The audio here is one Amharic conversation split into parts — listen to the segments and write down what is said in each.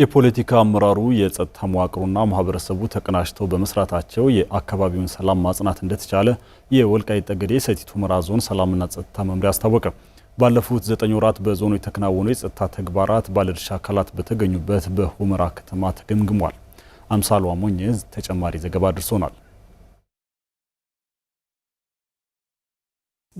የፖለቲካ አመራሩ የጸጥታ መዋቅሩና ማህበረሰቡ ተቀናጅተው በመስራታቸው የአካባቢውን ሰላም ማጽናት እንደተቻለ የወልቃይት ጠገዴ ሰቲት ሁመራ ዞን ሰላምና ጸጥታ መምሪያ አስታወቀ። ባለፉት ዘጠኝ ወራት በዞኑ የተከናወኑ የጸጥታ ተግባራት ባለድርሻ አካላት በተገኙበት በሁመራ ከተማ ተገምግሟል። አምሳሉ አሞኘ ተጨማሪ ዘገባ አድርሶናል።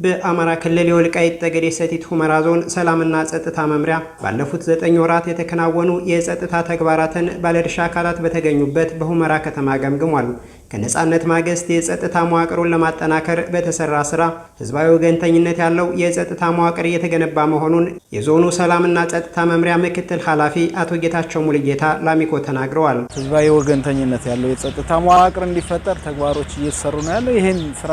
በአማራ ክልል የወልቃይት ጠገዴ ሰቲት ሁመራ ዞን ሰላምና ጸጥታ መምሪያ ባለፉት ዘጠኝ ወራት የተከናወኑ የጸጥታ ተግባራትን ባለድርሻ አካላት በተገኙበት በሁመራ ከተማ ገምግሟል። ከነፃነት ማግስት የጸጥታ መዋቅሩን ለማጠናከር በተሰራ ስራ ህዝባዊ ወገንተኝነት ያለው የጸጥታ መዋቅር እየተገነባ መሆኑን የዞኑ ሰላምና ጸጥታ መምሪያ ምክትል ኃላፊ አቶ ጌታቸው ሙልጌታ ላሚኮ ተናግረዋል። ህዝባዊ ወገንተኝነት ያለው የጸጥታ መዋቅር እንዲፈጠር ተግባሮች እየተሰሩ ነው ያለው። ይህን ስራ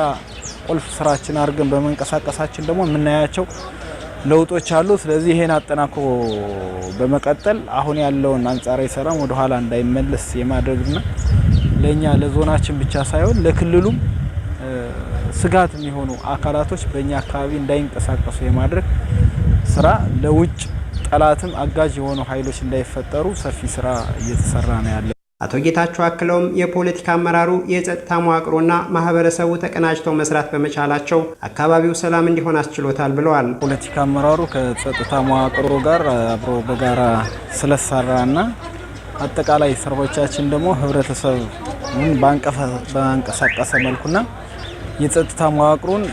ቁልፍ ስራችን አድርገን በመንቀሳቀሳችን ደግሞ የምናያቸው ለውጦች አሉ። ስለዚህ ይህን አጠናክሮ በመቀጠል አሁን ያለውን አንጻራዊ ሰላም ወደኋላ እንዳይመለስ የማድረግና ለኛ ለዞናችን ብቻ ሳይሆን ለክልሉም ስጋት የሚሆኑ አካላቶች በእኛ አካባቢ እንዳይንቀሳቀሱ የማድረግ ስራ ለውጭ ጠላትም አጋዥ የሆኑ ኃይሎች እንዳይፈጠሩ ሰፊ ስራ እየተሰራ ነው ያለ አቶ ጌታቸው አክለውም የፖለቲካ አመራሩ የጸጥታ መዋቅሮና ማህበረሰቡ ተቀናጅተው መስራት በመቻላቸው አካባቢው ሰላም እንዲሆን አስችሎታል ብለዋል። ፖለቲካ አመራሩ ከጸጥታ መዋቅሮ ጋር አብሮ በጋራ ስለሰራና አጠቃላይ ስራዎቻችን ደግሞ ህብረተሰብ ባንቀሳቀሰ መልኩና የጸጥታ መዋቅሩን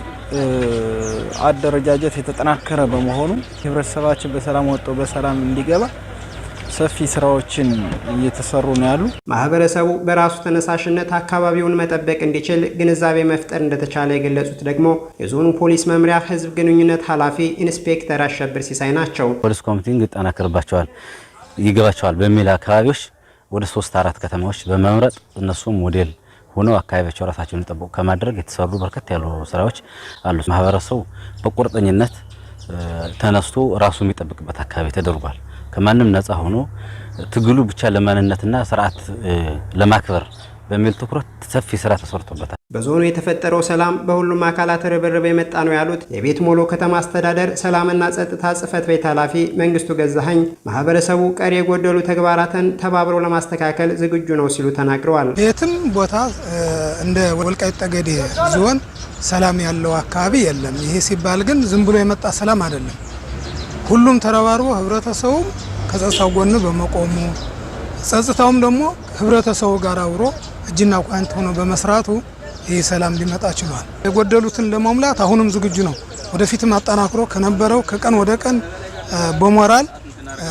አደረጃጀት የተጠናከረ በመሆኑ ህብረተሰባችን በሰላም ወጥቶ በሰላም እንዲገባ ሰፊ ስራዎችን እየተሰሩ ነው ያሉ። ማህበረሰቡ በራሱ ተነሳሽነት አካባቢውን መጠበቅ እንዲችል ግንዛቤ መፍጠር እንደተቻለ የገለጹት ደግሞ የዞኑ ፖሊስ መምሪያ ህዝብ ግንኙነት ኃላፊ ኢንስፔክተር አሸብር ሲሳይ ናቸው። ፖሊስ ኮሚቴ ይጠናከርባቸዋል ይገባቸዋል በሚል አካባቢዎች ወደ ሶስት አራት ከተማዎች በመምረጥ እነሱ ሞዴል ሆነው አካባቢያቸው ራሳቸውን የጠበቁ ከማድረግ የተሰሩ በርከት ያሉ ስራዎች አሉ። ማህበረሰቡ በቁርጠኝነት ተነስቶ ራሱ የሚጠብቅበት አካባቢ ተደርጓል። ከማንም ነፃ ሆኖ ትግሉ ብቻ ለማንነትና ስርዓት ለማክበር በሚል ትኩረት ሰፊ ስራ ተሰርቶበታል። በዞኑ የተፈጠረው ሰላም በሁሉም አካላት ርብርብ የመጣ ነው ያሉት የቤት ሞሎ ከተማ አስተዳደር ሰላምና ጸጥታ ጽህፈት ቤት ኃላፊ መንግስቱ ገዛኸኝ ማህበረሰቡ ቀሪ የጎደሉ ተግባራትን ተባብሮ ለማስተካከል ዝግጁ ነው ሲሉ ተናግረዋል። የትም ቦታ እንደ ወልቃይት ጠገዴ ዞን ሰላም ያለው አካባቢ የለም። ይሄ ሲባል ግን ዝም ብሎ የመጣ ሰላም አይደለም። ሁሉም ተረባርቦ ህብረተሰቡም ከጸጥታው ጎን በመቆሙ ጸጥታውም ደግሞ ህብረተሰቡ ጋር አብሮ እጅና ጓንት ሆኖ በመስራቱ ይህ ሰላም ሊመጣ ችሏል። የጎደሉትን ለመሙላት አሁንም ዝግጁ ነው። ወደፊትም አጠናክሮ ከነበረው ከቀን ወደ ቀን በሞራል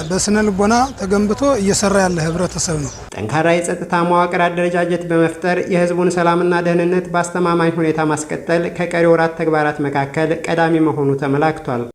በስነ ልቦና ተገንብቶ እየሰራ ያለ ህብረተሰብ ነው። ጠንካራ የጸጥታ መዋቅር አደረጃጀት በመፍጠር የህዝቡን ሰላምና ደህንነት በአስተማማኝ ሁኔታ ማስቀጠል ከቀሪ ወራት ተግባራት መካከል ቀዳሚ መሆኑ ተመላክቷል።